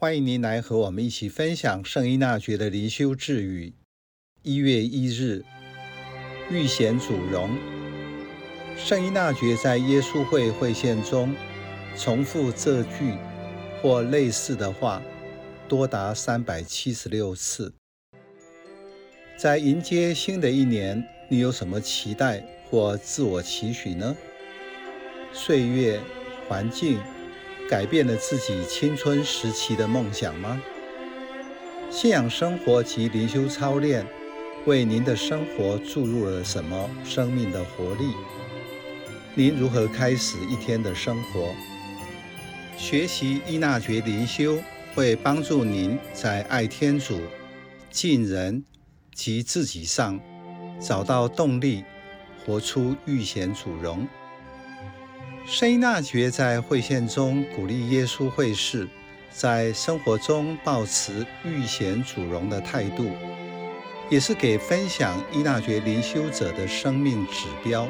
歡迎您來和我們一起分享聖依納爵的靈修智語。一月一日，愈顯主榮。聖依納爵在耶穌會會憲中重複這句或類似的話，多達三百七十六次。在迎接新的一年，你有什麼期待或自我期許呢？歲月，環境改變了自己青春時期的夢想嗎？信仰生活及靈修操練為您的生活注入了什麼生命的活力？您如何開始一天的生活？學習依納爵靈修會幫助您在愛天主、近人及自己上找到動力，活出愈顯主榮。聖依納爵在會憲中鼓勵耶穌會士在生活中抱持愈顯主榮的態度，也是給分享依納爵靈修者的生命指標，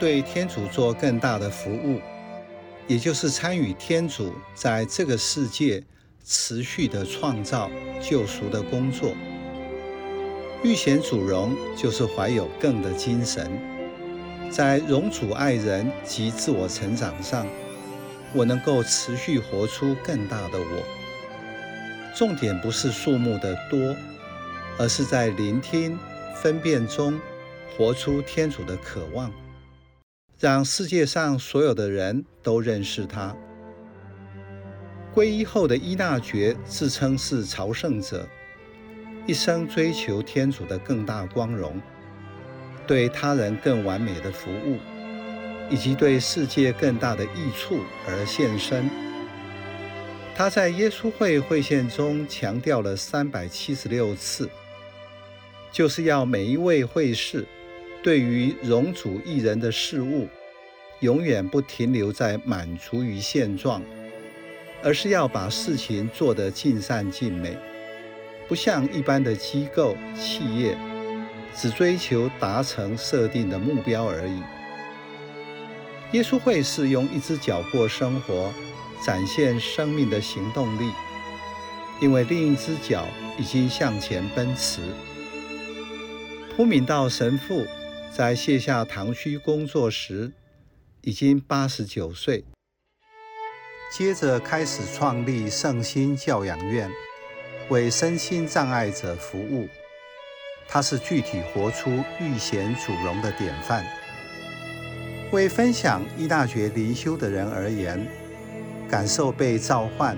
對天主做更大的服務，也就是參與天主在這個世界持續的創造、救贖的工作。愈顯主榮就是懷有更的精神。在榮主愛人及自我成長上，我能夠持續活出更大的我。重點不是數目的多，而是在聆聽、分辨中，活出天主的渴望，讓世界上所有的人都認識他。皈依後的依納爵自稱是朝聖者，一生追求天主的更大光榮。對他人更完美的服務，以及對世界更大的益處而獻身。他在耶穌會會憲中強調了三百七十六次，就是要每一位會士，對於榮主益人的事務，永遠不停留在滿足於現狀，而是要把事情做得盡善盡美，不像一般的機構企業。只追求達成設定的目標而已。耶穌會士用一隻腳過生活，展現生命的行動力，因為另一隻腳已經向前奔馳。蒲敏道神父在卸下堂區工作時，已經八十九歲。接着開始創立聖心教養院，為身心障礙者服務。他是具體活出愈顯主榮的典範。為分享依納爵靈修的人而言，感受被召喚、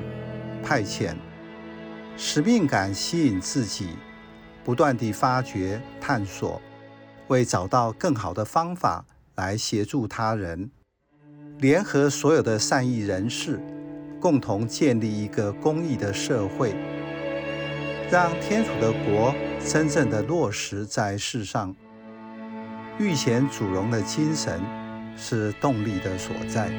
派遣、使命感吸引自己，不斷地發掘、探索，為找到更好的方法來協助他人，聯合所有的善意人士，共同建立一個公義的社會。讓天主的國真正的落實在世上，愈顯主榮的精神是動力的所在。